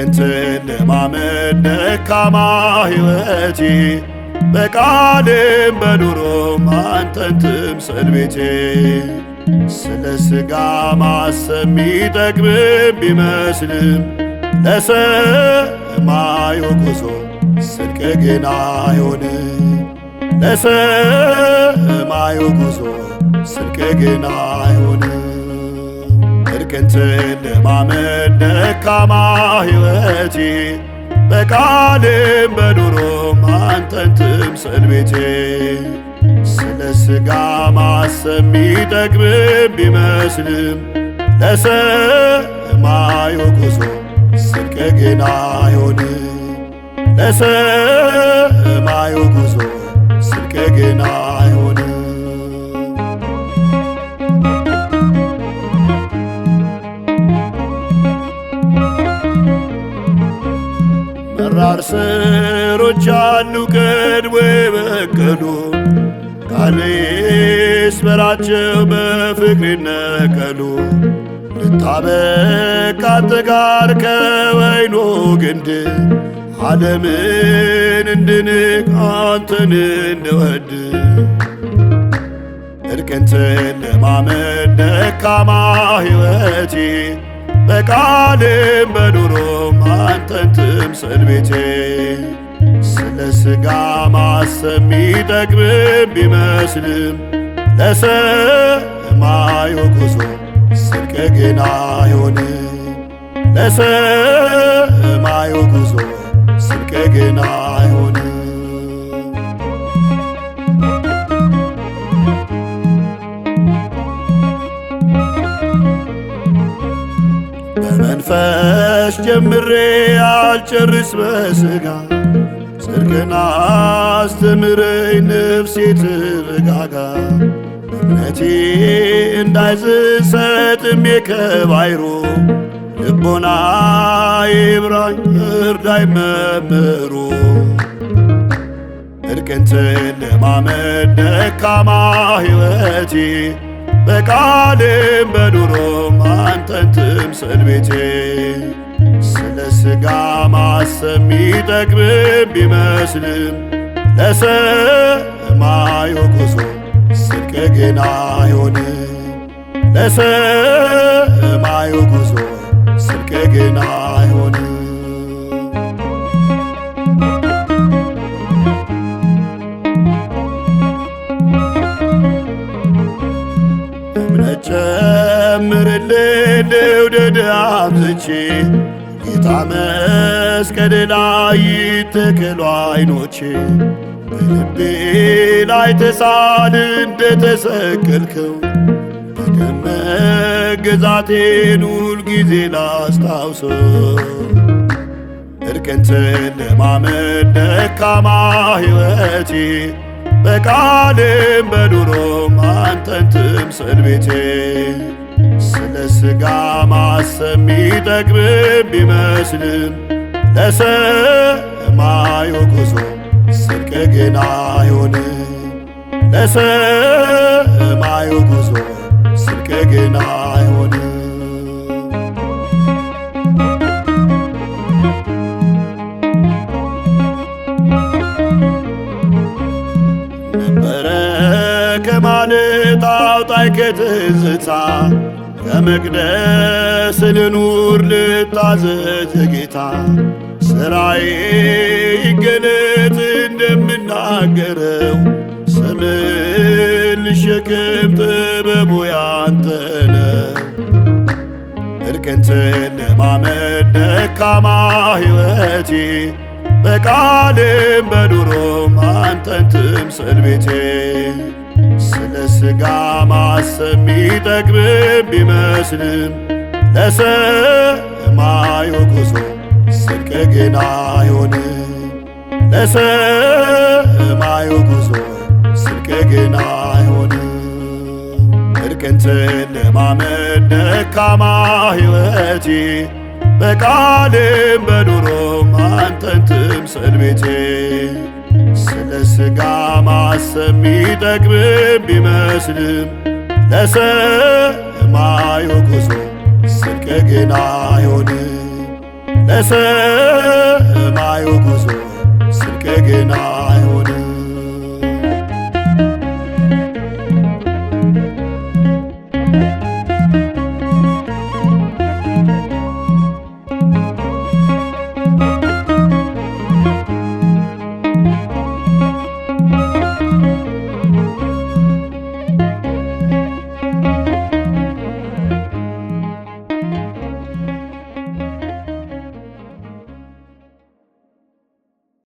የጽድቅን ትለማመድ ደካማ ሕይወቴ በቃልም በኑሮም አንተን ትምሰል ቤቴ ስለ ሥጋ ማሰብ ሚጠቅምም ቢመስልም ለሰማዩ ጉዞ ጽድቅ ግን አይሆንም ለሰማዩ ጉዞ ጽድቅ ግን አይሆንም እርቅን ትለማመድ በደካማ ሕይወቴ በቃልም በኑሮም አንተን ትምሰል ቤቴ ስለ ሥጋ ማሰብ ሚጠቅምም ቢመስልም ለሰማዩ ጉዞ ስንቅ ግን አይሆንም ለሰማዩ ጉዞ ስንቅ ግን ነገሮች አሉ ቀድሞ የበቀሉ ቃል ስበራቸው በፍቅር ይነቀሉ ልታበቃት ጋር ከወይኑ ግንድ ዓለምን እንድንቅ አንተን እንድወድ እርቅን ለማመድ ደካማ ሕይወቴ በቃልም በኑሮም አንተን ትምሰል ቤቴ ስለ ሥጋ ማሰብ ሚጠቅምም ቢመስልም ለሰማዩ ጉዞ ስንቅ ግን አይሆንም ለሰማዩ ጉዞ ስንቅ ግን ነሽ ጀምሬ አልጨርስ በሥጋ ጽድቅና አስተምረኝ ነፍሴ ትረጋጋ እምነቴ እንዳይዝል ሰጥሜ ከባይሮ ልቦናዬ ይብራኝ እርዳኝ መምህሩ እርቅን ትለማመድ ደካማ ሕይወቴ በቃልም በኑሮም አንተን ትምሰል ቤቴ ስለ ሥጋ ማሰብ ሚጠቅምም ቢመስልም ለሰማዩ ጉዞ ስንቅ ግን አይሆንም ለሰማዩ ጉዞ ስንቅ ግን አይሆንም ልዘምርልህ ልውደድ አብዝቼ ጌታ መስቀል ላይ ይተከሉ አይኖቼ በልቤ ላይ ተሳል እንደተሰቀልከው በደመ ግዛቴን ሁል ጊዜ ላስታውሶ እርቅን ስለማመድ ደካማ ሕይወቴ በቃልም በዱሮም አንተን ትምስል ቤቴ ስለ ሥጋ ማሰብ ሚጠቅምም ቢመስልም ለሰማዩ ጉዞ ስንቅ ግን አይሆንም ለሰማዩ ጉዞ ስንቅ ግን ከማልት አውጣይ ከትዝታ ከመቅደስ ልኑር ልታዘዝ ጌታ ሥራዬ ይገለጥ እንደምናገረው ስምን ልሸክም ጥበቡ ያንተ ነው። እርቅን ለማመድ ደካማ ሕይወቴ በቃልም በኑሮም አንተን ትምሰል ቤቴ ስለ ሥጋ ማሰብ የሚጠቅም ቢመስልም ለሰማዩ ጉዞ ስንቅ ግን አይሆንም። ለሰማዩ ጉዞ ስንቅ ግን አይሆንም። እርቅንትን ለማመድ ደካማ ሕይወቴ በቃልም በኑሮም አንተን ትምሰል ቤቴ ለማሰብ የሚጠቅምም ቢመስልም ለሰማዩ ጉዞ ስንቅ ግን አይሆንም ለሰ